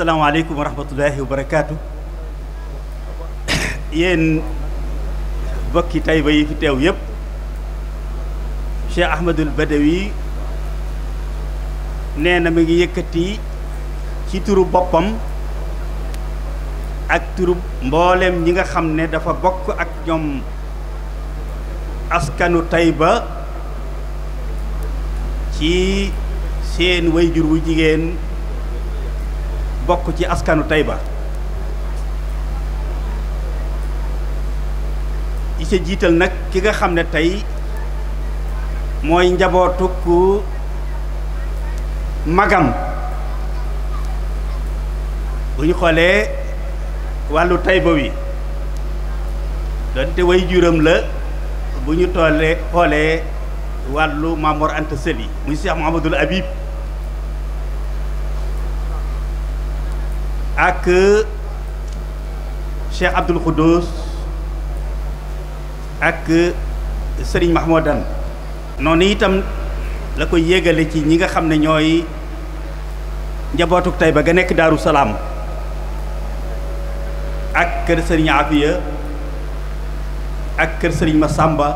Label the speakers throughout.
Speaker 1: asalaamaaleykum wa rahmatullahi wa barakaatu yéen bokki Tayba yi fi teew yépp Cheikh Ahmadul Badawi nee na mi ngi yëkkati ci turu boppam ak turu mbooleem ñi nga xam ne dafa bokk ak ñoom askanu Tayba ci seen wayjur wu jigéen bokk ci askanu Tayba yi ca jiital nag ki nga xam ne tey mooy njabootuk magam bu ñu xoolee wàllu Tayba wi donte way juram la bu ñu toolee xoolee wàllu Maam Mor Anta Sali muy Cheikh Mouhamadoul Habib ak Cheikh Abdoul Khoudous ak Serigne Mahmoudan noonu itam la ko yégale ci ñi nga xam ne ñooy njabootuk ba nga nekk Daaru Salaam ak kër Serigne Afiya ak kër sëriñ ma sàmba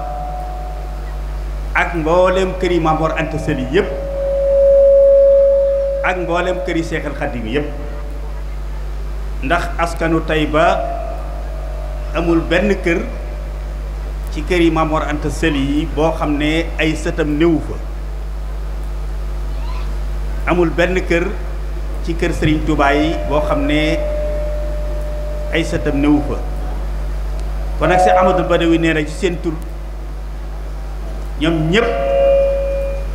Speaker 1: ak mboolem kër yi Maam Mor Anta Sali yëpp ak mboolem kër yi Seexal Xadim yëpp ndax askanu tey ba amul benn kër ci kër yi Maam Mor Anta yi boo xam ne ay sëtam néewu fa amul benn kër ci kër sëriñ Touba yi boo xam ne ay sëtam néewu fa kon nag Cheikh Ahmadou Badawi nee na ci seen tur ñoom ñëpp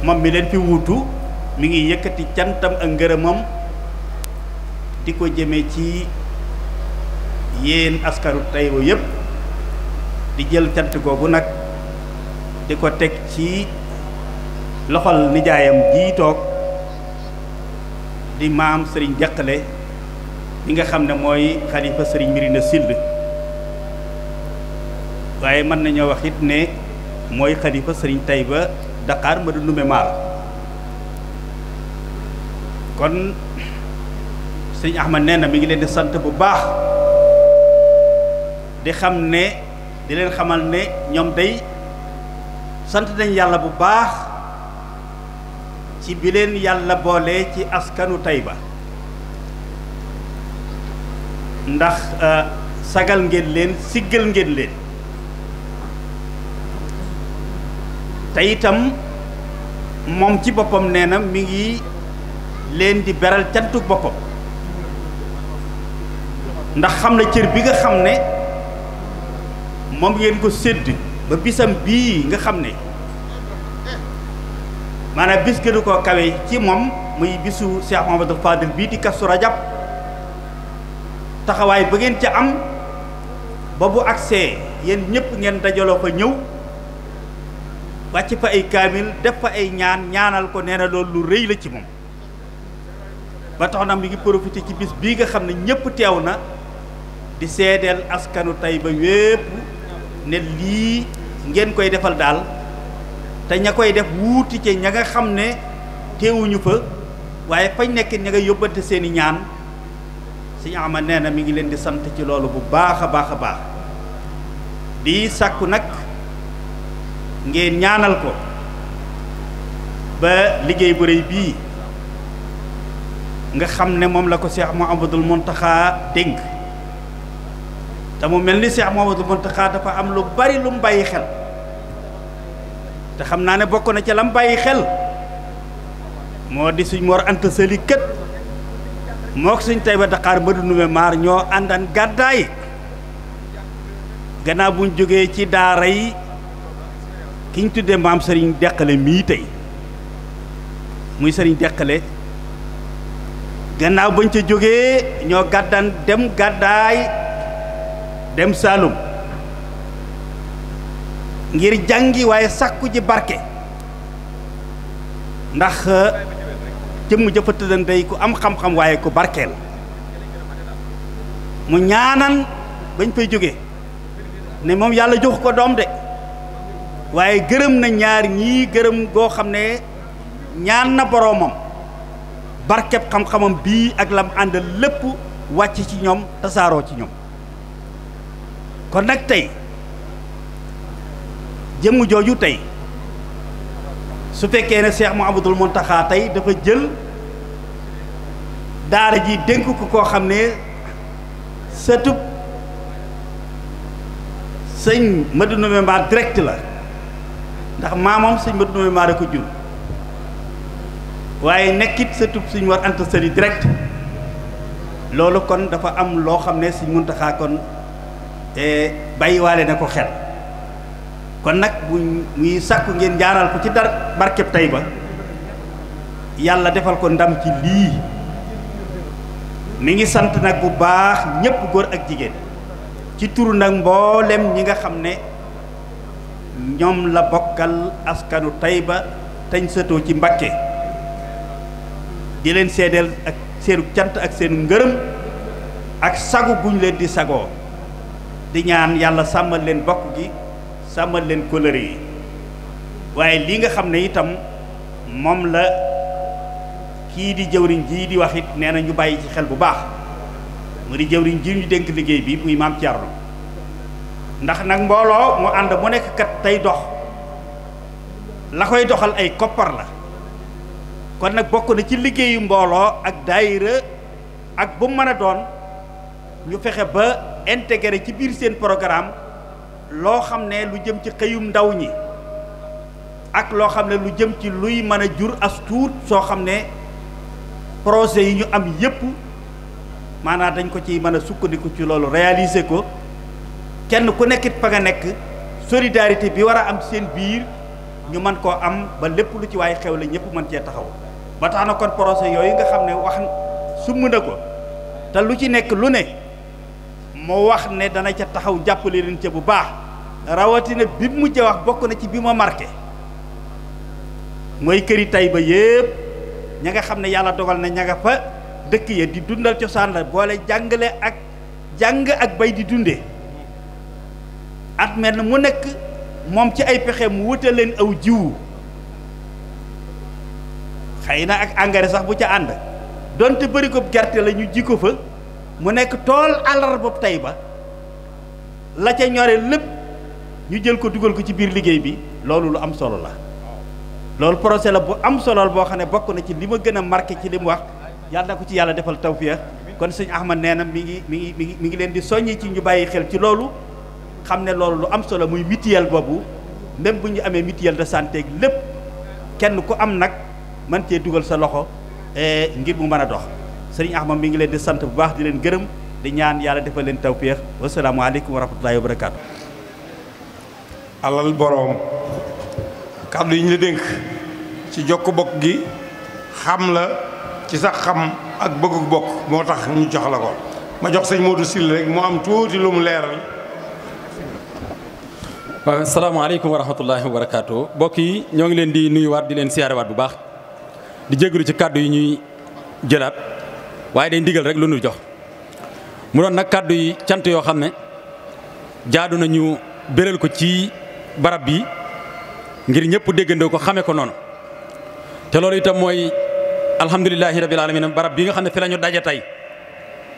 Speaker 1: moom mi leen fi wuutu mi ngi yëkkati cantam ak ngërëmam di ko jëmee ci yéen askanu Tayba yépp di jël cant googu nag di ko teg ci loxol nijaayam jii toog di maam sëriñ Jaxate mi nga xam ne mooy xalifa sëriñ Mirina Sill waaye mën nañoo waxit ne mooy xalifa sëriñ Tayba Dakar ma du nume maar kon sëriñ Ahmad nee na mu ngi leen di sant bu baax di xam ne di leen xamal ne ñoom day sant nañ yàlla bu baax ci bi leen yàlla boole ci askanu Tayba ndax euh, sagal ngeen leen siggal ngeen leen te itam moom ci boppam nee na mi ngi leen di beral cantuk boppam ndax xam na cër bi nga xam ne moom ngeen ko sédd ba bisam bii nga xam ne maanaam bis gënu ko kawe ci moom muy bisu Cheikh Mouhamadou Fadil bii di Kazu Rajab taxawaay ba ngeen ca am ba bu agsee yéen ñëpp ngeen dajaloo ko ñëw wàcc fa ay kaamil def fa ay ñaan ñaanal ko nee na loolu lu rëy la ci moom ba tax na mi ngi profité ci bis bii nga xam ne ñëpp teew na di seedeel askanu Tayba wépp ne lii ngeen koy defal daal te ña koy def wuuti ci ña nga xam ne teewuñu fa waaye fañ nekk ña nga yóbbante seeni i ñaan suñu ama nee na mi ngi leen di sant ci loolu bu baax a baax a baax di sàkku nag ngeen ñaanal ko ba liggéey bu bii nga xam ne moom la ko am Cheikh Mouhamadoul taxaa dénk te mu mel ni Cheikh Mouhamadou Mountakha dafa am lu bari lu mu bàyyi xel te xam naa ne bokk na ci lam bàyyi xel moo di suñ Mor Anta Sali kët moo ko suñ Taïba Dakar Madina maar ñoo àndan gàddaay gannaaw buñ jógee ci daara yi ki ñu tuddee maam Serigne Deqale mii tey muy Serigne Deqale gannaaw bañ ca jógee ñoo gàddan dem gàddaay dem Saalum ngir jàngi waaye sàkku ji barke ndax euh, jëmm jëfatëdan day ku am xam-xam waaye ku barkeel mu ñaanan bañ fay jóge ne moom yàlla jox ko doom de waaye gërëm na ñaar ñii gërëm goo xam ne ñaan na boroomam barkeb xam-xamam bii ak lam àndal lépp wàcc ci ñoom tasaaroo ci ñoom kon nag tey jëmm jooju tey su fekkee ne Cheikh Mouhamadoul Mountakha tey dafa jël daara ji dénk ko koo xam ne sëtub sëñ Madou Ndoumé Mar direct la ndax maamam sëñ Madou Ndoumé Mar a ko jur waaye nekkit sëtub suñ war anta sëri direct loolu kon dafa am loo xam ne sëñ Mountakha kon bàyyiwaale na ko xel kon nag bu muy sàkku ngeen jaaral ko ci dar barkeb tey ba yàlla defal ko ndam ci lii mi ngi sant nag bu baax ñépp góor ak jigéen ci turu nag mboolem ñi nga xam ne ñoom la bokkal askanu Tayba tañ sëtoo ci Mbakke di leen seedeel ak seenu cant ak seenu ngërëm ak sagu guñ leen di sagoo di ñaan yàlla sàmmal leen bokk gi sàmmal leen kóllëre yi waaye li nga xam ne itam moom la kii di jëwriñ jii di wax nee na ñu bàyyi ci xel bu baax mu di jëwriñ ji ñu dénk liggéey bi muy maam Thierno ndax nag mbooloo mu ànd mu nekk kat tey dox la koy doxal ay koppar la kon nag bokk na ci liggéeyu mbooloo ak daayira ak bu mën a doon ñu fexe ba intégré ci biir seen programme loo xam ne lu jëm ci xëyum ndaw ñi ak loo xam ne lu jëm ci luy mën a jur as soo xam ne projet yi ñu am yépp maanaam dañ ko ci mën a sukkandiku ci loolu réaliser ko kenn ku nekkit fa nga nekk solidarité bi war a am seen biir ñu mën koo am ba lépp lu ci waaye xew la ñëpp mën cee taxaw ba tax na kon projet yooyu nga xam ne wax sumb na ko te lu ci nekk lu ne moo wax ne dana ca taxaw jàppale leen ca bu baax rawatina bi mu mujj wax bokk na ci bi ma marqué mooy këri ba yépp ña nga xam ne yàlla dogal na ña nga fa dëkk ya di dundal cosaan la boole jàngale ak jàng ak bay di dunde at mel na mu nekk moom ci ay pexe mu wutal leen aw jiwu xëy na ak engrais sax bu ca ànd donte bëri ko gerte la ñu ji ko fa. mu nekk tool àllarba tey ba la ca ñore lépp ñu jël ko dugal ko ci biir liggéey bi loolu lu am solo la loolu projet la bu am solo boo xam ne bokk na ci li ma gën a marqué ci li mu wax yàlla na ko ci yàlla defal tawfiya kon sëñ Ahmad nee na mi ngi mi ngi mi ngi mi ngi leen di soññi ci ñu bàyyi xel ci loolu xam ne loolu lu am solo muy mutuelle boobu même bu ñu amee mutuelle de santé lépp kenn ku am nag mën cee dugal sa loxo eh, ngir mu mën a dox sëriñ Axma mi ngi leen di sant bu baax di leen gërëm di ñaan yàlla defal leen tawféex wasalaamualeykum wa rahmatullahi wa barakaatu. alal boroom kàddu yi ñu la dénk
Speaker 2: ci jokk bokk gi xam la ci sax xam ak bëggu bokk moo tax ñu jox la ko ma jox sañ Modou rek mu am tuuti lu mu leeral. waaw salaamaaleykum wa rahmatullahi wa barakaatu mbokk yi ñoo ngi leen di nuyuwaat di leen siyaarewaat bu baax di jégalu ci kàddu yi ñuy jëlaat. waaye day ndigal rek lu nu jox mu doon nag kàddu yi cant yoo xam ne jaadu nañu béral ko ci barab bi ngir ñëpp déggandoo ko xame ko noonu te loolu itam mooy alhamdulillah rabil alamin barab bi nga xam ne fi la ñu tey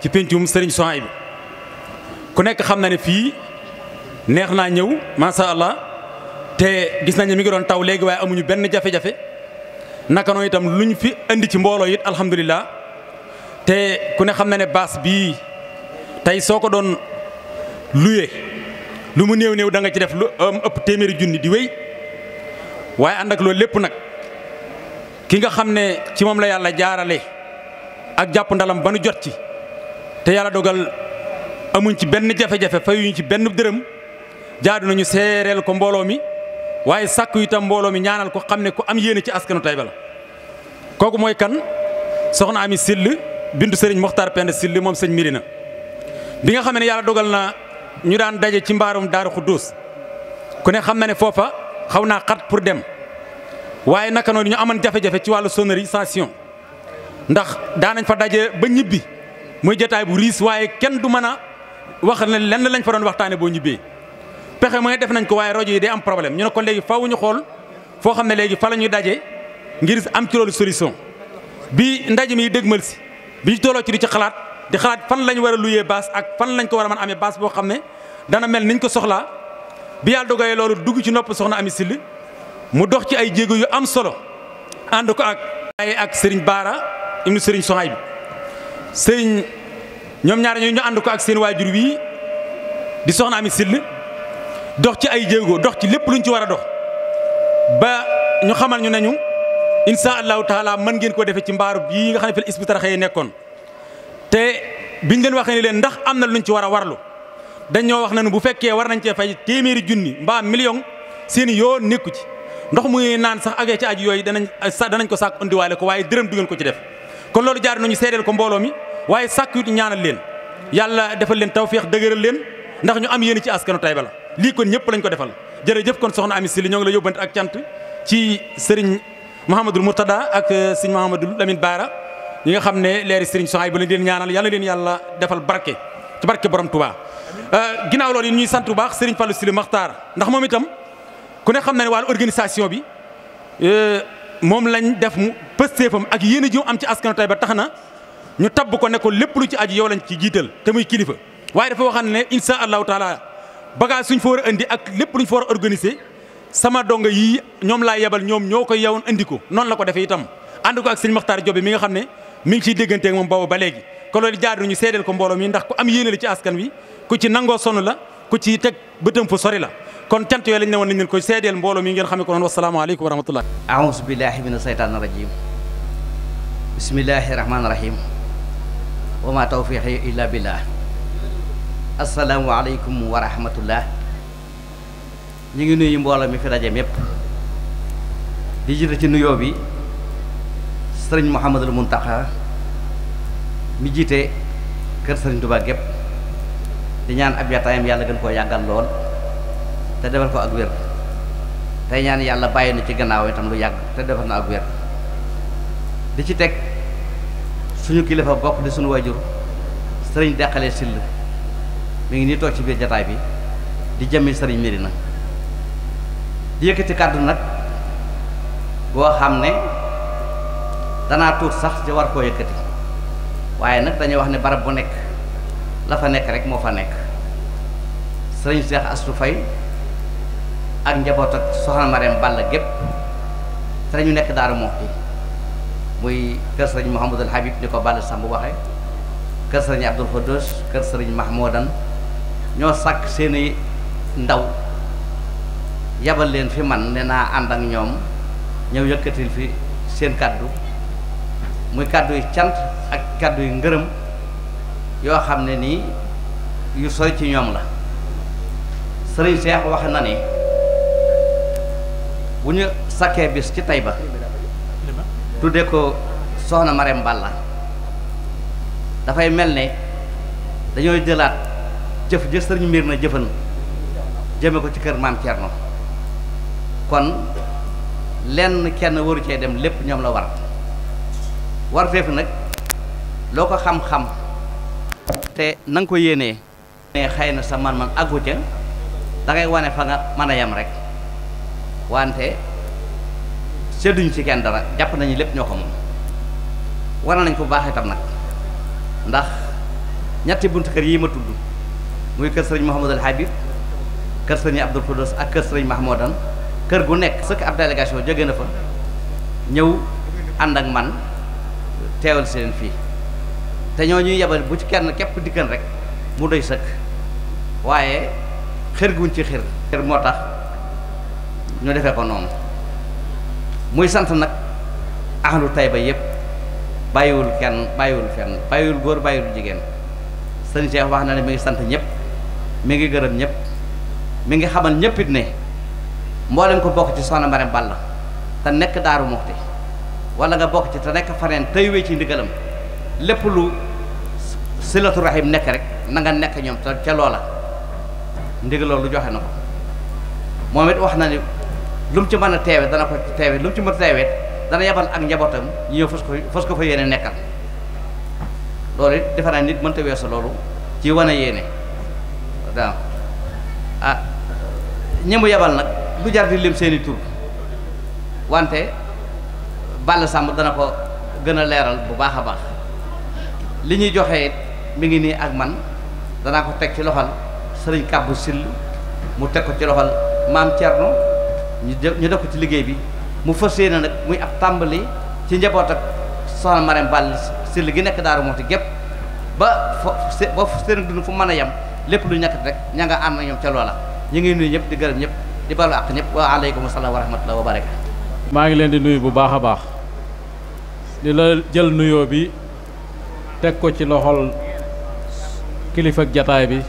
Speaker 2: ci péncum sëriñ Souhaïbou bi ku nekk xam na ne fii neex naa ñëw macha allah te gis nañ ne mi ngi doon taw léegi waaye amuñu benn jafe-jafe naka noonu itam luñ fi indi ci mbooloo it alhamdulilah. te ku ne xam na ne baas bii tey soo ko doon luye lu mu néew néew danga ci def lu ëpp téeméeri junni di wéy waaye ànd ak loolu lépp nag ki nga xam ne ci moom la yàlla jaarale ak jàpp ndalam ba nu jot ci te yàlla dogal amuñ ci benn jafe-jafe fayuñ ci benn dërëm jaadu nañu seereel ko mbooloo mi waaye sàkk yu itam mbooloo mi ñaanal ko xam ne ko am yéene ci askanu Taïba la kooku mooy kan soxna Ami Sill bintu sëriñ Mokhtar Penda Syll moom sëñ Mirina bi nga xam ne yàlla dogal na ñu daan daje ci mbaarum Daaru Xudduus ku ne xam na ne foofa xaw naa xat pour dem waaye naka noonu ñu amoon jafe-jafe ci wàllu sonorisation ndax daanañ fa daje ba ñibbi muy jotaay bu riis waaye kenn du mën a wax ne lenn lañ fa doon waxtaane boo ñibbee pexe mooy def nañ ko waaye rajo yi day am problème ñu ne ko léegi faw ñu xool foo xam ne léegi fa la ñuy daje ngir am ci loolu solution bi ndaje mi dëgmal si. bi ñu tolloo ci di ci xalaat di xalaat fan lañ war a luyee baas ak fan lañ ko war a mën amee baas boo xam ne dana mel niñ ko soxlaa bi yàlla dogalee loolu dugg ci nopp soxna Ami Syll mu dox ci ay jéego yu am solo ànd ko ak ay ak Serigne Baara ibnu Serigne bi Serigne ñoom ñaar ñooñu ànd ko ak seen waajur wii di soxna Ami Syll dox ci ay jéego dox ci lépp luñ ci war a dox ba ñu xamal ñu nañu incha allahu taala man ngeen ko defee ci mbaaru bii nga xam ne fi la Hizbut Tarqiyyah nekkoon te biñ leen waxee ni leen ndax am na luñ ci war a warlu dañoo wax nañu bu fekkee war nañ cee fay téeméeri junni mbaa million seen yoon nekku ci ndox muy naan sax agee ci aju yooyu danañ sa danañ ko sàkk indiwaale ko waaye dërëm du ko ci def kon loolu jaar nañu seedeel ko mbooloo mi waaye sakk yu ñaanal leen yàlla defal leen tawféex dëgëral leen ndax ñu am yéen ci askanu Taïba lii kon ñëpp lañ ko defal jërëjëf kon soxna Ami Sylla ñoo ngi la yóbbante ak ci sëriñ Mouhamadul Mourtada ak euh, sëñ Mouhamadul Lamine Baara ñi nga xam ne leeri sëriñ Sohaay ba lañ leen ñaanal yàlla leen yàlla defal barke ci barke borom tubaa euh, ginnaaw loolu yi ñuy sant bu baax sëriñ Fallou Sile maxtaar ndax moom itam ku ne xam na ne wàllu organisation bi euh, moom lañ def mu pësteefam ak yéen a ji am ci askanu ba tax na ñu tab ko ne lépp lu ci aju yow lañ ci jiital te muy kilifa waaye foo xam ne incha allahu taala bagaa suñ fa war a indi ak lépp luñ fa war a sama dongo yii ñoom laa yebal ñoom ñoo ko yewoon indi ko noonu la ko defee itam ànd ko ak sëñ Maxtaar Jobe mi nga xam ne mi ngi ciy déggante ak moom boobu ba léegi ko loolu jaadu ñu seedeel ko mbooloo mi ndax ku am yéene la ci askan wi ku ci nangoo sonn la ku ci teg bëtam fu sori la kon cant yooyu lañ ne woon nañ ko koy seedeel mbooloo mi ngeen xamee ko noonu wasalaamaaleykum wa rahmatullah aousu billahi
Speaker 3: mina seytaan rajim bismillahi rahmaani rahim wa ma tawfiqi illa billah asalaamu aleykum wa rahmatullah ñu ngi nuyu mbooloo mi fi daje mépp di jiite ci nuyoo bi sëriñ mun Muntaxa mi jiite kër sëriñ Touba gépp di ñaan ab yataayam yàlla gën koo yàggal lool te defal ko ak wér tey ñaan yàlla bàyyi na ci gannaaw itam lu yàgg te defal na ak wér di ci teg suñu kilifa bokk di suñu wajur sëriñ Deqale Sill mu ngi nii toog ci biir jataay bi di jëmmi sëriñ Mirina yëkkati kàddu nag boo xam ne danaa tuut sax ci war koo yëkkati waaye nag dañuy wax ne barab bu nekk la fa nekk rek moo fa nekk sëriñ Cheikh Astou Faye ak njaboot ak soxna Marème Balla gépp te dañu nekk Daaru Muxti muy kër sëriñ Mouhamadul Habib ni ko Balla Samb waxe kër sëriñ Abdoul Khodos kër sëriñ Mahmoudan ñoo sàkk seeni ndaw yabal leen fi man ne naa ànd ak ñoom ñëw yëkkatil fi seen kàddu muy kàddu yi cant ak kàddu yi ngërëm yoo xam ne nii yu sori ci ñoom la sëriñ Seex wax na ne bu ñu sakkee bis ci Tayba tudde ko soxna Marème Balla dafay mel ne dañooy jëlaat jëf jë sëriñ mbir ma jëfan jëme ko ci kër maam Thierno kon lenn kenn waru cee dem lépp ñoom la war warteef nag loo ko xam-xam te nanga ko yéenee ne xëy na sa man-man àggu ca da wane fa nga mën a yem rek wante sedduñ ci kenn dara jàpp nañu lépp ñoo ko moom wane nañ ko baax itam nag ndax ñetti buntu kër yi ma tudd muy kër sëriñ Mouhamadul Habib kër sëriñ Abdoul Koudos ak kër sëriñ Mahmoudan kër gu nekk sëkk ab délégation jóge na fa ñëw ànd ak man teewal seen fii te ñoo ñuy yebal bu ci kenn képp dikkan rek mu doy sëkk waaye xër guñ ci xiir xër moo tax ñu defee ko noonu muy sant nag ahlu ba yëpp bàyyiwul kenn bàyyiwul fenn bàyyiwul góor bàyyiwul jigéen sëñ Cheikh wax na ne mi ngi sant ñëpp mi ngi gërëm ñëpp mi ngi xamal ñëpp ne mboolem ko bokk ci soxna Mareem Balla te nekk Daaru Muxti wala nga bokk ci te nekk faneen tey wéy ci ndigalam lépp lu silatu rahim nekk rek nanga nga nekk ñoom te ca loola ndigal loolu joxe na ko moom it wax na ni lu ci mën a teewe dana ko ci teewe lu mu ci mën teewee dana yebal ak njabootam ñu ñëw fas ko fas ko fa yéene nekkal loolu it defe naa nit mënta weesu loolu ci wane yéene waaw ah ñi mu yebal nag bu jar di lim seen i tur wante Balla Samb dana ko gën a leeral bu baax a baax li ñuy joxe mi ngi nii ak man danaa ko teg ci loxol sëriñ Kàbbu Sill mu teg ko ci loxol maam Thierno ñu ñu def ko ci liggéey bi mu fas yéene nag muy ab tàmbali ci njaboot ak soxna Marème Balla Sill gi nekk Daaru Muxti gépp ba fo ba seen dund fu mën a yem lépp lu ñàkk rek ña nga ànd na ñoom ca loola ñu ngi nuyu ñëpp di gërëm ñëpp. di baalu àq ñëpp wa aleykum salaam wa
Speaker 4: maa ngi leen di nuyu bu baax a baax di la jël nuyoo bi teg ko ci loxol kilifa jataay bi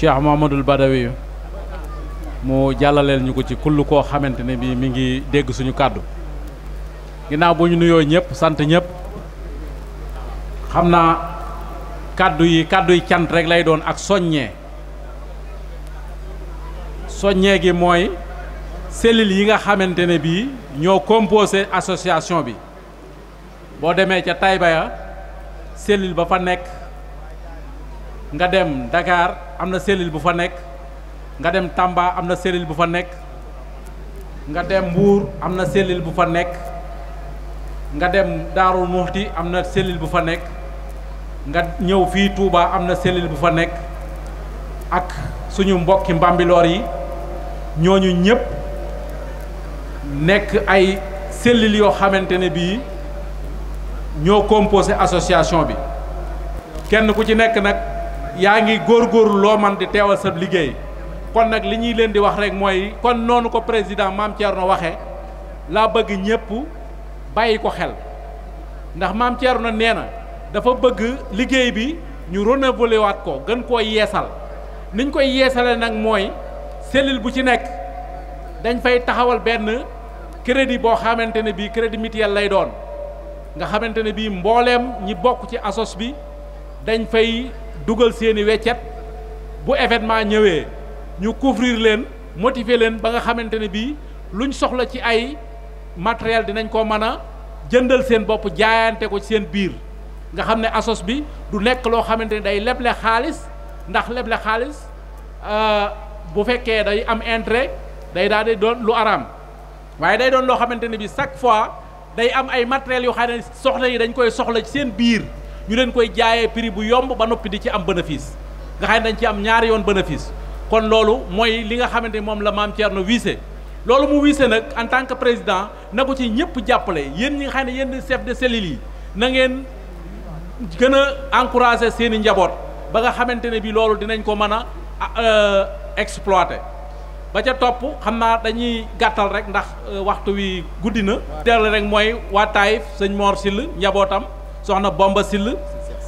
Speaker 4: Cheikh Mouhamadoul Badawi mu jàllaleel ñu ko ci kull koo xamante ne bii mi ngi dégg suñu kàddu ginnaaw bu ñu nuyoo ñëpp sant ñëpp xam naa kàddu yi kàddu yi cant rek lay doon ak soññee soññee gi mooy cellules yi nga xamante ne bii ñoo composé association bi boo demee ca Taïba ya cellule ba fa nekk nga dem Dakar am na sellil bu fa nekk nga dem Tamba am na cellule bu fa nekk nga dem Mbuur am na sellil bu fa nekk nga dem Daaru Muxti am na cellule bu fa nekk nga ñëw fii tuuba am na cellule bu fa nekk ak suñu mbokki mbambiloor yi ñooñu ñëpp nekk ay cellules yoo xamante ne bii ñoo composé association bi kenn ku ci nekk nag yaa ngi góor loo man di teewal sa liggéey kon nag li ñuy leen di wax rek mooy kon noonu ko président Mame na waxe laa bëgg ñëpp bàyyi ko xel ndax Mame na nee na dafa bëgg liggéey bi ñu renouveler waat ko gën koo yeesal niñ koy yeesale nag mooy cellule bu ci nekk dañ fay taxawal benn crédit boo xamante ne bii crédit mutuel lay doon nga xamante ne bii mbooleem ñi bokk ci asos bi dañ fay dugal seeni weccet bu événement ñëwee ñu couvrir leen motiver leen ba nga xamante ne bii luñ soxla ci ay matériel dinañ ko mën a jëndal seen bopp jaayante ko ci seen biir nga xam ne asos bi du nekk loo xamante ne day leble xaalis ndax leble xaalis euh, bu fekkee day am intérêt day daal di doon lu araam waaye day doon loo xamante ne bi chaque fois day am ay matériels yoo xam ne soxla yi dañ koy soxla ci seen biir ñu leen koy jaayee prix bu yomb ba noppi di ci am bénéfice nga xam dañ ci am ñaari yoon bénéfice kon loolu mooy li nga xamante ni moom la maam Thierno wiise loolu mu wiise nag en tant que président na ko ci ñëpp jàppale yéen ñi nga xam ne yéen chef de cellule yi na ngeen gën a encourager seen i njaboot ba nga xamante ne bi loolu dinañ ko mën a euh, exploité ba ca topp xam naa dañuy gàttal rek ndax euh, waxtu wi guddi na teral rek mooy waa sëñ Mor Sill njabootam soxna Bomba Sill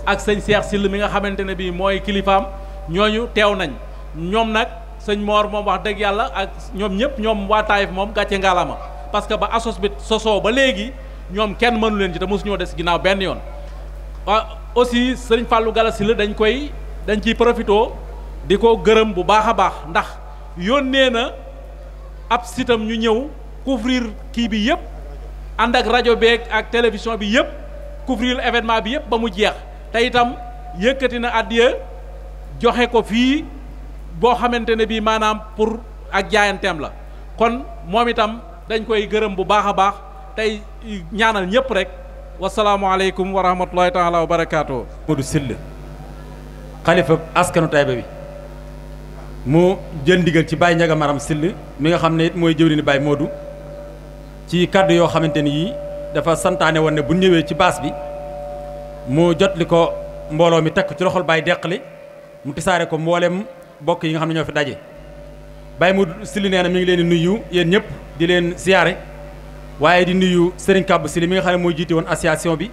Speaker 4: ak sëñ Seex Sill mi nga xamante ne bii mooy kilifaam ñooñu teew nañ ñoom nag sëñ moor moom wax dëgg yàlla ak ñoom ñëpp ñoom waa moom gàcce ngaalama parce que ba asos bi sosoo ba léegi ñoom kenn mënu leen ci te mosu ñoo des ginnaaw benn yoon waaw sëñ Fallou Gala Sylla dañ koy dañ ci profitoo di ko gërëm bu baax a baax ndax yónnee na ab sitam ñu ñëw couvrir kii bi yëpp ànd ak rajo beeg ak télévision bi yëpp couvrir événement bi yëpp ba mu jeex te itam yëkkati na addiya joxe ko fii boo xamante ne bii maanaam pour ak jaayanteem la kon moom itam dañ koy gërëm bu baax a baax tey ñaanal ñëpp rek wasalaamualeykum wa rahmatullahi taala wa barakaatu.
Speaker 2: du Syll xalifa askanu Taïba bi. mu jël ndigal ci Baye Ndiaga Maram Sill mi nga xam ne it mooy jëwriñu baay Modou ci kàddu yoo xamante ni yii dafa santaane woon ne bu ñëwee ci baas bi mu jot li ko mbooloo mi tekk ci loxol Baye Deqali mu tisaare ko mboolem bokk yi nga xam ne ñoo fi daje. Baye Modou Sill nee na mi ngi leen di nuyu yéen ñëpp di leen siyaare waaye di nuyu Serigne Kabou Sill mi nga xam ne mooy jiite woon association bi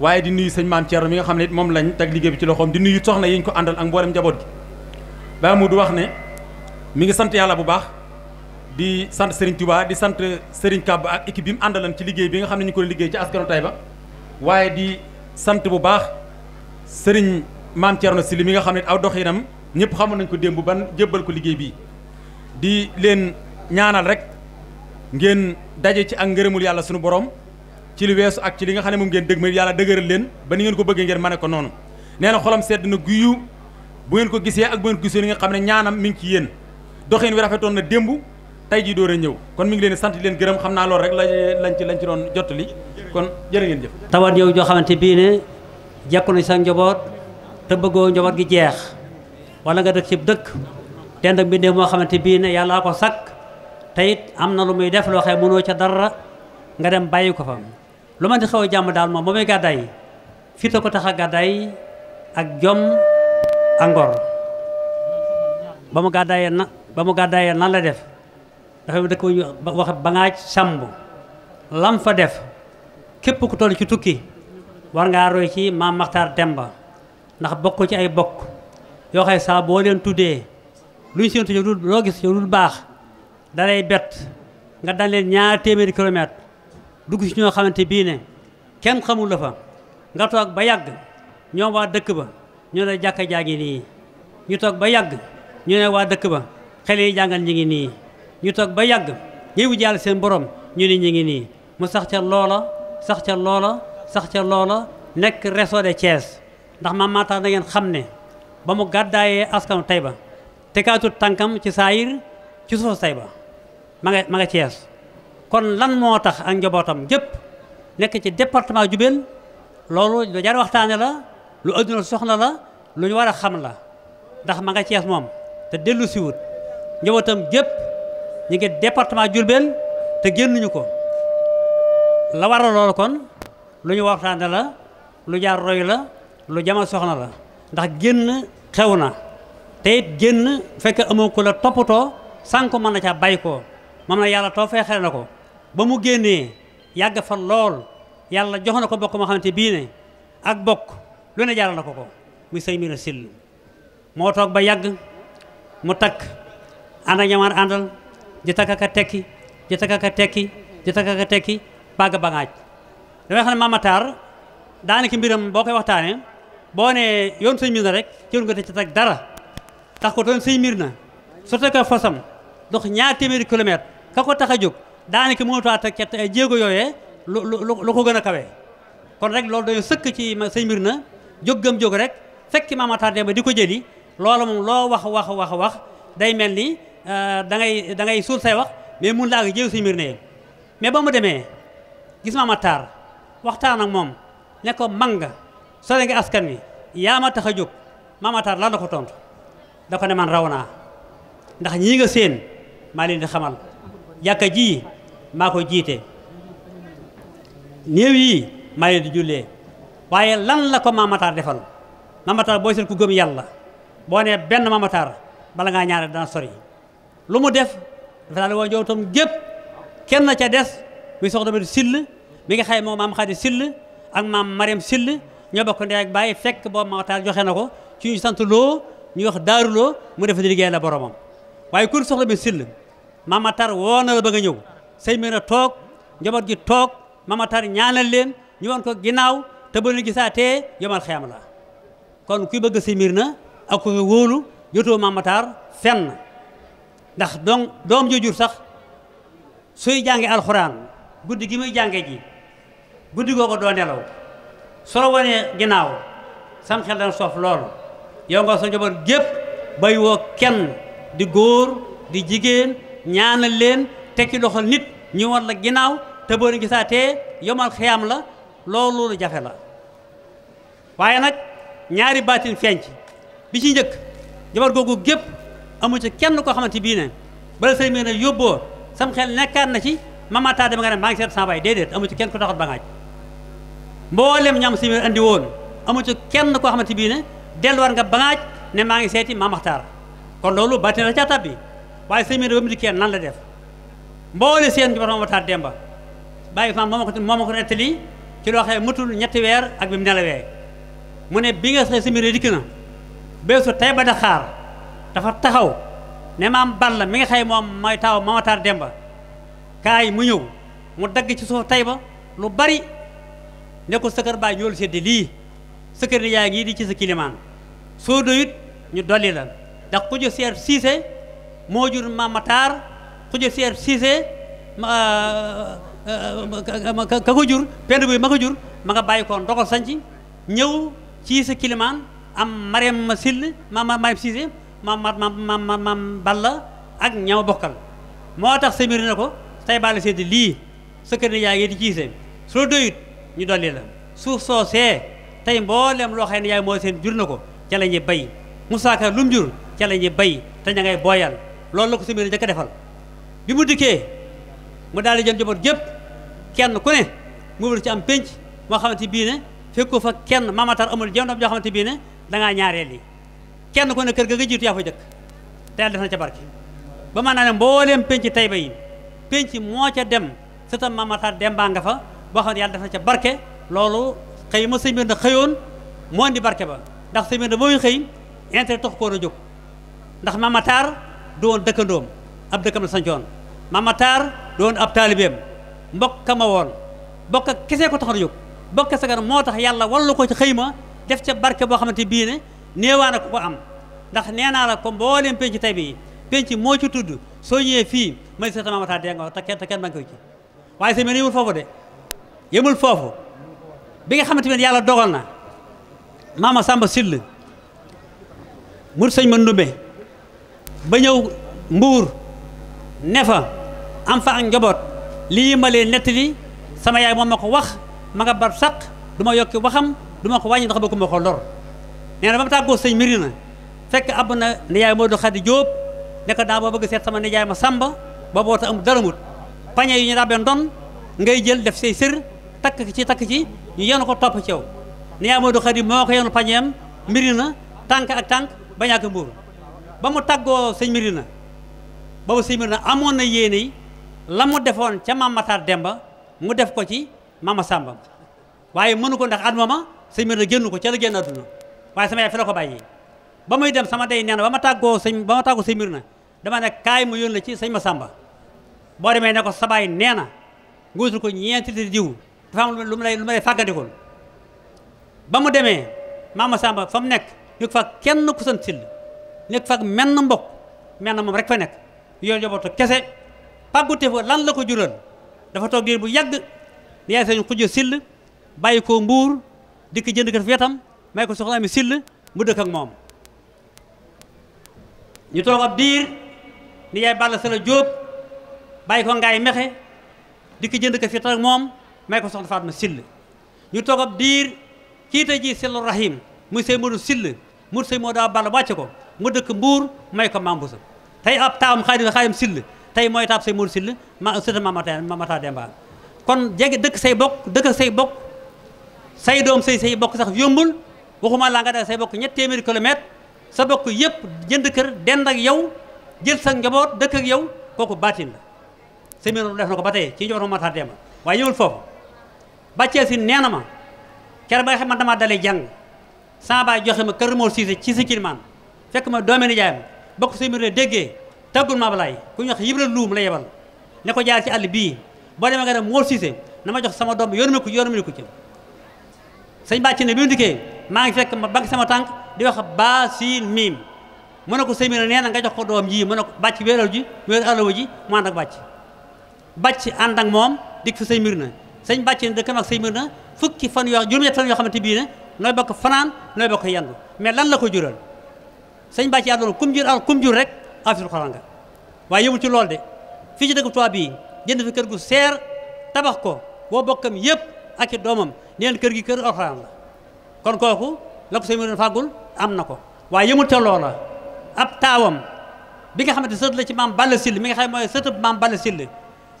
Speaker 2: waaye di nuyu sëñ Maam Thierno mi nga xam ne it moom lañ teg liggéey bi ci loxoom di nuyu soxna yi ñu ko àndal ak mboolem njaboot gi. Baye Modou wax ne mi ngi sant yàlla bu baax di sant Serigne Touba di sant sëriñ Kab ak équipe bi mu àndalan ci liggéey bi nga xam ne ñu ko liggéey ci askanu Taïba waaye di sant bu baax Serigne Mame si li mi nga xam ne aw doxinam ñëpp xamoon nañ ko démb ban jébbal ko liggéey bii di leen ñaanal rek ngeen daje ci ak ngërëmul yàlla sunu borom ci li weesu ak ci li nga xam ne moom ngeen dëgmal yàlla dëgëral leen ba ni ngeen ko bëggee ngeen ma ko noonu bu ngeen ko gisee ak bu ngeen ko gisee li nga xam ne ñaanam mi ngi ci yéen doxin wi rafetoon na démb tey jii door a ñëw kon mu ngi leen sant di leen gërëm xam naa loolu rek lañ ci lañ ci
Speaker 5: doon jottali
Speaker 2: kon jërë ngeen jëf.
Speaker 5: tawat yow joo xamante bii ne jekku na sa njaboot te bëggoo njaboot gi jeex walla nga def ci dëkk dend ak mbindee moo xamante bii ne yàllaa ko sakk te am na lu muy def loo xam mënoo ca dara nga dem bàyyi ko fa lu ma di xaw jàmm daal moom ba muy gàddaay fit a tax a gàddaay ak jom angor ba mu gàddaayee na ba mu gàddaayee nan la def dafa dëkk ñu wax ba ngaaj sàmb lam fa def képp ku toll ci tukki war ngaa roy ci maam Maxtaar Demba ndax bokk ci ay bokk yoo xam saa boo leen tuddee luñ seen tuddee lu loo gis lu baax dalay bett nga daan leen ñaar téeméeri kilomètre dugg ci ñoo xamante bii ne kenn xamul la fa nga toog ba yàgg ñoom waa dëkk ba ñu ne jàkka jaa ngi nii ñu toog ba yàgg ñu ne waa dëkk ba xale yi jàngal ñi ngi nii ñu toog ba yàgg ñuy wut seen borom ñu ni ñi ngi nii mu sax ca loola sax ca loola sax ca loola nekk réseau de Thiès ndax maam maa tax da ngeen xam ne ba mu gàddaayee askanu Taïba te kaatut tànkam ci saayir ci suufu ba ma nga ma nga Thiès kon lan moo tax ak njabootam jëpp nekk ci département Diourbel loolu lu jar waxtaane la lu adduna soxla la lu ñu war a xam la ndax ma nga cees moom te dellu si wut njabootam gépp ñu ngi département Diourbel te génnuñu ko la war a loolu kon lu ñu waxtaane la lu jaar roy la lu jama soxna la ndax génn xew na te it génn fekke amoo ko la toppatoo sànq mën na caa bay ko moom na yàlla too fee xel na ko ba mu génnee yàgg fa lool yàlla jox na ko bokk moo xamante bii ne ak bokk lu ne jaaral na ko ko muy sëñ Mira Sill moo toog ba yàgg mu takk ànd ak ñamaar àndal di takk ka tekki di takk ka tekki di takk ka tekki bàgg bagaaj damay xam ne Mamataar daanaka mbiram boo koy waxtaanee boo nee yoon sëñ Mira rek ci yoon nga ci teg dara tax ko doon sëñ Mira na su tekkee fosam dox ñaar téeméeri kilomètre ka ko tax a jóg daanaka mënatu a teg ca jéego yooyee lu lu lu ko gën a kawe kon rek loolu dañu sëkk ci sëñ na jóg gëm jóg rek fekki Maam dem ba di ko jëli loolu moom loo wax wax wax wax day mel ni euh, da ngay da ngay suul say wax mais mun laa ko jéew si mbir ne mais ba mu demee gis Maam Matar waxtaan ak moom ne ko manga sore nga askan wi yaa ma tax a jóg Maam Matar lan la ko tontu da ko ne man raw naa ndax ñii nga seen maa leen di xamal jàkka ji maa ko jiite néew yi maa leen di jullee waaye lan la ko mamataar defal mamataar booy seet ku gëm yàlla boo nee benn mamataar bala ngaa ñaare dana sori lu mu def dafa daal woo kenn ca des muy soxna bi nga xay moom maam xadi sill ak maam mariam sill ñoo bokk ndey ak bàyyi fekk boobu mamataar joxe na ko ci ñu sant loo ñu wax daaru loo mu def di liggéey la boromam waaye kur soxna bi sill mamatar woo na la ba nga ñëw sëñ bi na toog njaboot gi toog mamatar ñaanal leen ñu woon ko ginnaaw te bu leen gisaatee yomal xiyam la kon kuy bëgg simir na ak ku wóolu jotoo mamataar fenn ndax doom doom jojur sax suy jànge alxuraan guddi gi muy jànge ji guddi googu doo nelaw soo wonee ginnaaw sam xel dana soof lool yow nga sa njaboot gépp bay woo kenn di góor di jigéen ñaanal leen tekki doxal nit ñu war la ginnaaw te boo gisaatee yomal xiyam la loolu lu jafe la waaye nag ñaari baatin feeñ ci bi ci njëkk jabar googu gépp amu ci kenn koo xamante bii ne bala sëñ bi ne yóbboo sam xel nekkaat na ci mamata dem nga ne maa ngi seet sama baay déedéet amu ci kenn ko doxat ba ñam sëñ bi amu ci kenn koo xamante bii ne delluwaat nga ba ne maa ngi seeti Maam kon loolu baatin la ca tab bi waaye sëñ bi ba mu dikkee nan la def mboole seen jabar mamataar demba bàyyi fan moo ma ko moo ma ko nettali ci loo xam ne mëtul ñetti weer ak bi mu mu ne bi nga sa simire dikk na bésu tey ba daxaar dafa taxaw ne maam Balla mi nga xëy moom mooy taw Mamatar Demba kaay mu ñëw mu dagg ci soo tey ba lu bari ne ko sëkkër baay ñoolu seddi lii sëkkër yaa ngi di ci sa kilimaan soo doyut ñu dolli la ndax ku jo seer siise moo jur Mamatar ku jo seer siise ka ko jur pend bi ma ko jur ma nga bàyyi ko ndogal sanc ñëw Ciise Kilimaan am Mariam ma Sill maam Mariam Cissé maam maam maam maam Balla ak ñama bokkal moo tax sa mbir na ko say bàll seddi lii sa kër ne yaa ngi di ciise soo doyut ñu dolli la suuf soosee tey mboolem loo xam ne yaay moo seen jur na ko ca la ñuy bay musaaka lum jur ca la ñuy bay te ña ngay booyal loolu la ko sa mbir njëkk a defal bi mu dikkee mu daal di jël njaboot gépp kenn ku ne mu wër ci am pénc moo xamante bii ne fekkoo fa kenn mamatar amul jenn doom joo xamante bii ne dangaa ñaareel yi kenn ku ne kër ga nga jiitu yaa fa jëkk te yàlla def na ca barke ba ma naa ne mbooleem penc tayba yi penc moo ca dem sëtam mamatar dem baa nga fa boo xam ne yàlla def na ca barke loolu xëy ma sëñ bi na xëyoon moo indi barke ba ndax sëñ bi na mooy xëy intérêt tax koo a jóg ndax mamatar du woon dëkkandoom ab dëkkam la sancoon mamatar du ab taalibeem mbokk ka ma woon ko bokke sagar moo tax yàlla wallu ko ci xëyma def ca barke boo xamante bii ne néewaana ku ko am ndax nee naa la ko mbooleem penc tey bi penc moo ci tudd soo ñëwee fii may sa tamama taa dee nga wax te kenn te ma ngi koy ci waaye sëñ bi yemul foofu de yemul foofu bi nga xamante ne yàlla dogal na maama Samba Sill mur sañ ma ndumbe ba ñëw mbuur ne am fa ak njaboot lii ma leen nettali sama yaay moom ma ko wax ma nga barab sàq du ma yokki waxam du ma ko wàññi ndax bëgguma ko lor nee na ba mu tàggoo sëñ miri fekk ab na nijaay Modou Khady Diop ne ko daa boo bëgg seet sama nijaay ma sàmba boobu wata am daramut pañe yu ñu daabee ndon ngay jël def say sër takk ci takk ci ñu yenu ko topp ci yow nijaay Modou Khady moo ko yenu pañeem miri na tànk ak tànk ba ñàkk ba mu tàggoo sëñ miri na boobu sëñ miri na amoon na yéene yi la mu defoon ca Mame Matar Demba mu def ko ci mama sàmbam waaye mënu ko ndax at mama sëñ bi na génn ko ca la génn àdduna waaye sama yaay fi la ko bàyyi ba muy dem sama day nee na ba ma tàggoo sañ ba ma tàggoo sëñ mbir na dama ne kaay mu yónne ci sëñ ma sàmba boo demee ne ko sabaay nee na nguusul ko ñeenti litre diw dafa am lu ma lay lu mu ba mu demee maama sàmba fa mu nekk ñu fa kenn ku sant sill nekk fa menn mbokk menn moom rek fa nekk yoon jobootu kese pàggute fa lan la ko jural dafa toog diir di yaay sañ xujj sill bàyyi koo mbuur dikk jënd kat fi yatam may ko soxna ami sill mu dëkk ak moom ñu toog ab diir ni yaay bàll sa la jóob bàyyi ko ngaay mexe dikk jënd kat fi yatam ak moom may ko soxna Fatma sill ñu toog ab diir kii jii sillu rahim muy sëy moodu sill mu sëy moo daa bàll wàcce ko mu dëkk mbuur may ko mambusa tey ab taawam xaadim xaadim sill tey mooy taab sëy moodu sill ma sëta mamata mamata demba kon jege dëkk say bokk dëkk say bokk say doom say say bokk sax yombul waxuma laa nga def say bokk ñett téeméeri kilomètre sa bokk yëpp jënd kër dend ak yow jël sa njaboot dëkk ak yow kooku baatin la seméro def na ko ba tey ci njabootam Matar Demba ñëwul foofu bàccee si nee ma ker ba nga xam man dama dalee jàng sama baay joxe ma kër moo siise ci si man fekk ma doomi nijaayam bokk seméro déggee tàggul ma balaay ku ñu wax yibra luum la yebal ne ko jaar ci àll bii boo demee nga dem Mor Cissé na ma jox sama doom yoonu ma ko yoonu ma ko ci sëñ bàcci ne bi mu dikkee maa ngi fekk ma bank sama tànk di wax baa siin miim mu ne ko sëñ bi nee na nga jox ko doom ji mu ne ko bàcc wéeral ji wéeral alawa ji mu ànd ak bàcc bàcc ànd ak moom dikk fi sëñ mbir na sañ bàcc ne dëkkam ak sëñ mbir na fukki fan yoo juróom-ñett fan yoo xamante bii ne nooy bokk fanaan nooy bokk yandu mais lan la ko jural sëñ bàcc àndoon kum jur al kum jur rek waaye yëmul ci lool de fii ci dëkk jënd fi kër gu seer tabax ko boo bokkam yëpp ak i doomam nee kër gi kër alxuraan la kon kooku la ko sëñ bi doon fàggul am na ko waaye yëmul te loola ab taawam bi nga xamante sët la ci maam Balla Sill mi nga xam mooy sëtëb maam Balla Sill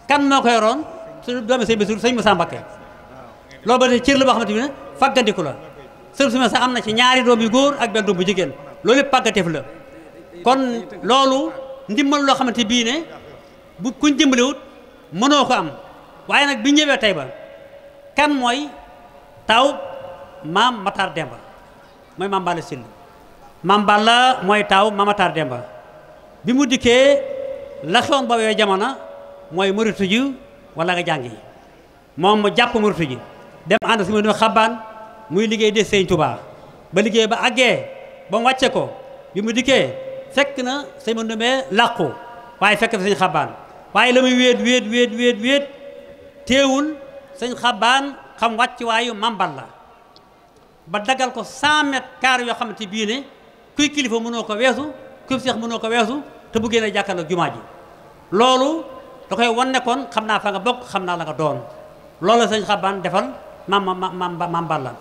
Speaker 5: kan moo ko yoroon su doomi sëñ Bassirou sëñ Moussa Mbacké loolu ba tey cër la boo xamante bi ne faggandiku la sëñ Moussa sa am na ci ñaari doom yu góor ak benn doom bu jigéen loolu yëpp pàggateef la kon loolu ndimbal loo xamante bii ne bu kuñ dimbalewut mënoo ko am waaye nag bi ñëwee tey ba kan mooy taw maam Matar Demba mooy maam Balla Syll maam Balla mooy taw maam Matar Demba bi mu dikkee la xewoon ba yooyu jamono mooy muritu ji wala nga jàng yi moom mu jàpp muritu ji dem ànd si mu dem xabaan muy liggéey de Sëñ Tuubaa ba liggéey ba àggee ba mu wàcce ko bi mu dikkee fekk na sëñ ma ndumee làqu waaye fekk na sëñ xabaan waaye la muy wéet wéet wéet wéet wéet teewul sëñ xabaan xam wàccuwaayu mambal la ba dagal ko 100 mètres carrés yoo xamante bii ne kuy kilifa mënoo ko weesu kuy seex mënoo ko weesu te bu génnee jàkkaarloog jumaa ji loolu da koy wan ne xam naa fa nga bokk xam naa la nga doon loolu la sëñ defal mam mambal la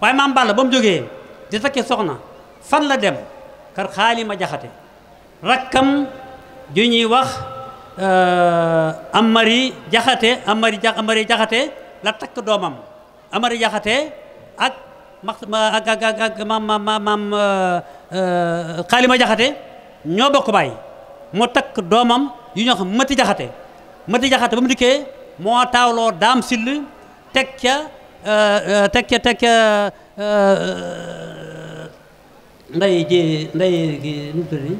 Speaker 5: waaye mambal la ba mu jógee di takki soxna fan la dem kar xaali ma jaxate rakkam ju ñuy wax Amary Jaxate Amary ja Amary Jaxate la takk doomam Amary Jaxate ak max ak Xaalima Jaxate ñoo bokk baay moo takk doomam yu ñoo xam Mati Jaxate Mati Jaxate ba mu dikkee moo taawloo daam sill teg ca euh, euh, teg ca teg ca euh, nday ji nday gi nu mu tudd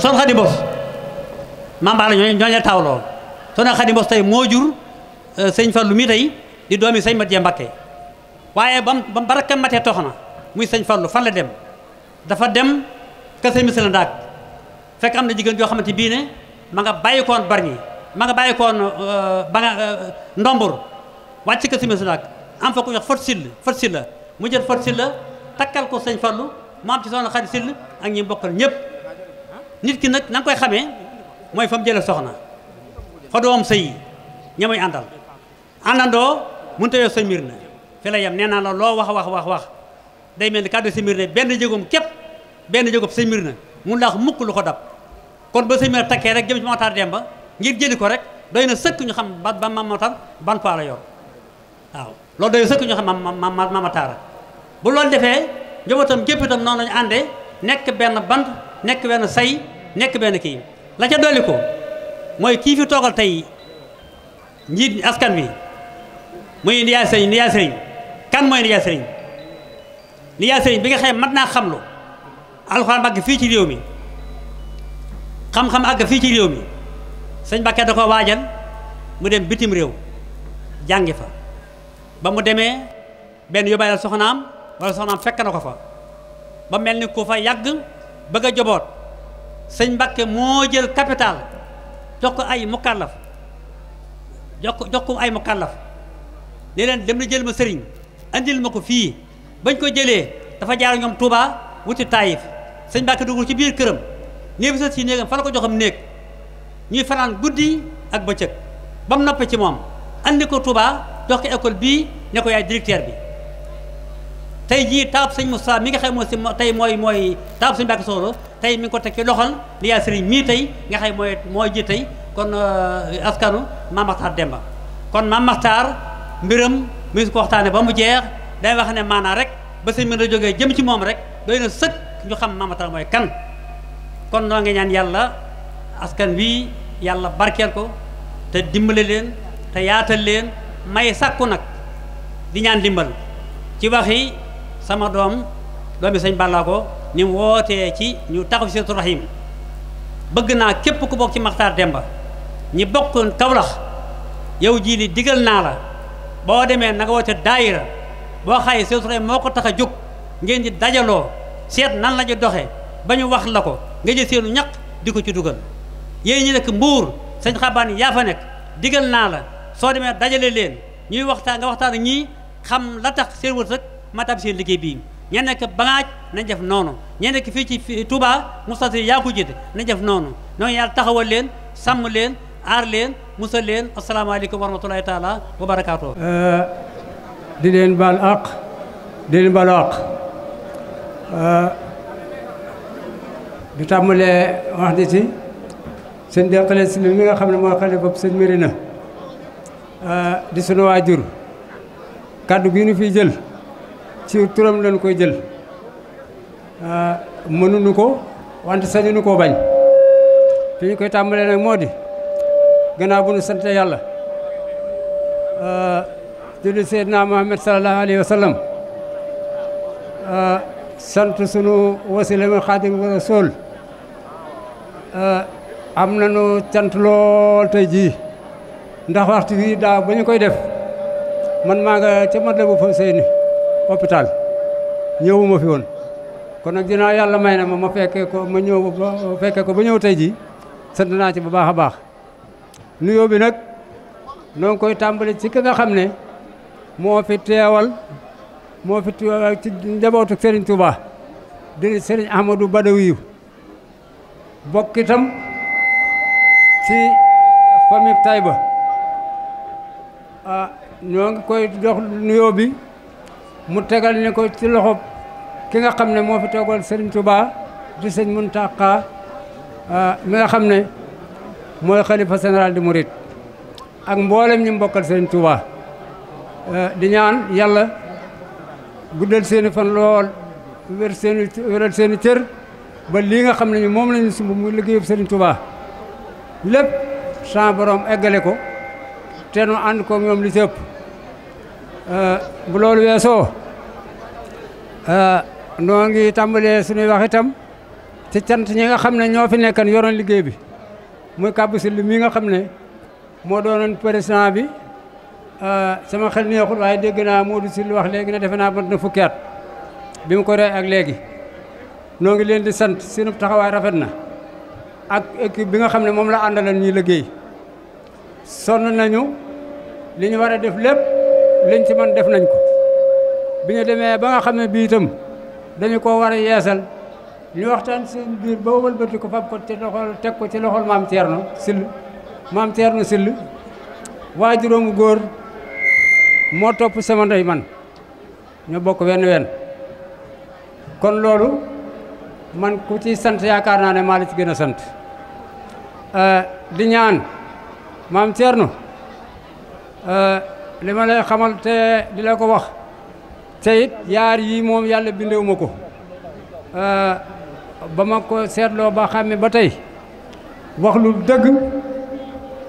Speaker 5: soxna mambaar la ñoo ñoo leen taawloo soxna Xadi Mbos tey moo jur euh, sëñ lu mi tey di doomi sëñ Mat Jee Mbakke waaye bam ba barakam matee tox na muy sëñ Fallu fan la dem dafa dem ka sëñ Misila Ndaak fekk am na jigéen joo xamante bii ne ma nga bàyyi koon barñi euh, ba nga euh, ndombur wàcc ka sëñ Misila Ndaak am fa ko la mu jël fot sill takkal ko sëñ Fallu mu am ci soxna Xadi sill ak ñi bokkal ñëpp nit ki nag na koy xamee mooy fa mu jële soxna fa doom sëy ñamuy àndal àndandoo mënu tawee sa mbir na fi la yem nee naa la loo wax wax wax wax day mel ni kàddu sa mbir na benn jégum képp benn jégum sa mbir na mun laa ko mukk lu ko dab kon ba sa mbir na takkee rek jëm ci Demba ngir jëli ko rek doy na sëkk ñu xam ba ba Matar ban paa la yor waaw loolu doy na sëkk ñu xam ma ma Matar bu loolu defee njabootam gépp itam noonu lañu àndee nekk benn bant nekk benn say nekk benn kii la ca dolli ko mooy kii fi toogal tey njiit askan wi muy nijaay sëriñ nijaay sëriñ kan bi nga xam mat naa xam lu alxuraan àgg fii ci réew mi xam-xam àgg fii ci réew mi sëñ Bakke da ko waajal mu dem bitim réew jàngi fa ba mu demee benn yóbbaale soxnaam wala soxnaam fekk na ko fa ba mel ni ku fa yàgg bëgg a joboot sëñ Mbàkke moo jël capital jox ko ay mukallaf jox ko jox ko ay mukallaf li leen dem na jël ma sëriñ andil ma ko fii bañ ko jëlee dafa jaar ñoom Touba wuti Taayif sëñ Mbàkke dugul ci biir këram néeg bi sa si néegam fa la ko joxam néeg ñuy fanaan guddi ak bëccëg ba mu noppee ci moom andi ko Touba jox ko école bii ne ko yaay directeur bi tey jii taab sëñ Moussa mi nga xam mooy si tey mooy mooy taab sëñ Mbàkke Soxoro tey mi ngi ko te ci loxol li yaa sëriñ mii tey nga xam mooy mooy ji tey kon euh, askanu Maam Maxtaar Demba kon Maam Maxtaar mbiram mu ngi ko waxtaane ba mu jeex day wax ne maanaa rek ba seen mën a jógee jëm ci moom rek doy na sëkk ñu xam Maam mooy kan kon noo ngi ñaan yàlla askan wi yàlla barkeel ko te dimbale leen te yaatal leen may sàkku nag di ñaan dimbal ci waxi sama doom doomi sëñ Balla ko ni mu wootee ci ñu taxu ci rahim bëgg naa képp ku bokk ci Maxtaar Demba ñi bokk Kawlax yow jii li digal naa la boo demee na nga woote daayira boo xaye seen rahim moo ko tax a jóg ngeen di dajaloo seet nan la ñu doxee ba ñu wax la ko nga jël seenu ñaq di ko ci dugal yéen ñi nekk mbuur sëñ xabaan yaa fa nekk digal naa la soo demee dajale leen ñuy waxtaan nga waxtaan ak ñii xam la tax seen wërsëg matab seen liggéey bii ña nekk Bangaaj nañ def noonu ña ki fii ci Touba Moustarchidine yaa ko jiite nañ def noonu noonu yàlla taxawal leen sàmm leen aar leen musal leen asalaamaaleykum wa rahmatulahi taala
Speaker 6: wa barakaatu. Euh, di leen baal àq di leen baal àq euh, di tàmbalee wax di ci sëñ Derklé si nga xam ne mooy xale bopp sëñ Mérina euh, di sunu waajur kàddu gi ñu fiy jël. ci turam lañ koy jël euh, mënuñu ko wante sañuñu koo bañ fi ñu koy tàmbalee nag moo di gannaaw bu ñu sant yàlla euh, julli seydina Muhammad sallallahu alayhi wa sallam euh, sant sunu wasila mi Xaadimu Rasuul am nañu cant lool te jii ndax waxtu wi daaw ba ñu koy def man maa nga ca ma la fa seeni hôpital ñëwuma fi woon kon nag dinaa yàlla may na ma ma fekkee ko ma ñëw ba fekkee ko ba ñëw tey ji sant ci bu baax a baax nuyoo bi nag noo koy tàmbali ci ki xam ne moo fi teewal moo fi teewal ci njabootu Serigne Touba di Serigne Ahmadou Badawiyu bokk itam ci famille Taïba ah ñoo koy jox nuyoo mu tegal ni ko ci loxo ki nga xam ne moo fi toogal Serigne Touba di sëñ Mountakha ah, mi nga xam ne mooy xalifa général di rit ak mboolem ñi mbokkal Serigne Touba eh, di ñaan yàlla guddal seeni fan lool wer seeni wéral seeni cër ba lii nga xam ne ñu moom lañu sumb mu liggéeyub Serigne Touba lépp sans boroom eggale ko te nu ànd ko yoom li ci bu loolu weesoo ah, noo ngi tàmbalee suñuy wax itam ci cant ñi nga xam ne ñoo fi nekkan yoroon liggéey bi muy kàbbu si li nga xam ne moo doon doonoon président bi ah, sama xel neexul waaye dégg naa Modou Syll wax léegi ne defe naa mat na fukki at bi mu ko rey ak léegi noo ngi leen di sant seen taxawaay rafet na ak équipe bi nga xam ne moom la àndaloon ñuy liggéey sonn nañu li ñu war a def lépp liñ ci mën def nañ ko bi ñu demee ba nga xam ne bii itam dañu ko war a yeesal ñu waxtaan seen biir ba wëlbati ko fab ko ci loxol teg ko ci loxol maam Thierno Sill maam Thierno Sill waajuróomu góor moo topp sama ndey man ñu bokk wenn wenn kon loolu man ku ci sant yaakaar naa ne maa la ci gën a sant euh, di ñaan maam Thierno euh, li ma lay xamal te di la ko wax te yaar yii moom yàlla bindewu ko euh, ba ma ko seetloo ba xàmme ba tey wax lu dëgg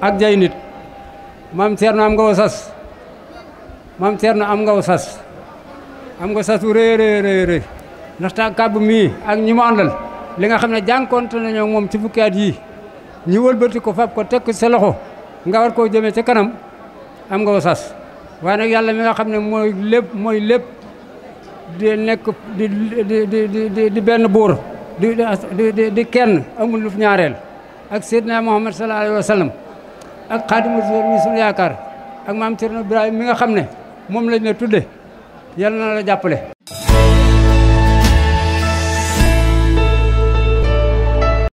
Speaker 6: ak jay nit maam Thierno am nga wo sas maam Thierno am nga wo sas am nga sasu rëy rëy rëy ndax ta kàbb mii ak ñi mu àndal li nga xam ne jànkoonte nañoo moom ci fukki at yii ñu wëlbati ko fab ko teg ko loxo nga war koo jëmee ca kanam am nga wo sas waa nag yàlla mi nga xam ne mooy lépp mooy lépp di nekk di di di di benn buur di di kenn amul lu fi ñaareel ak Seydina Muhammad sallallahu alayhi wa sallam ak Xaadimu Rasuul mi suñu yaakaar ak maam na Ibrahima mi nga xam ne moom lañ la tudde yàlla na la jàppale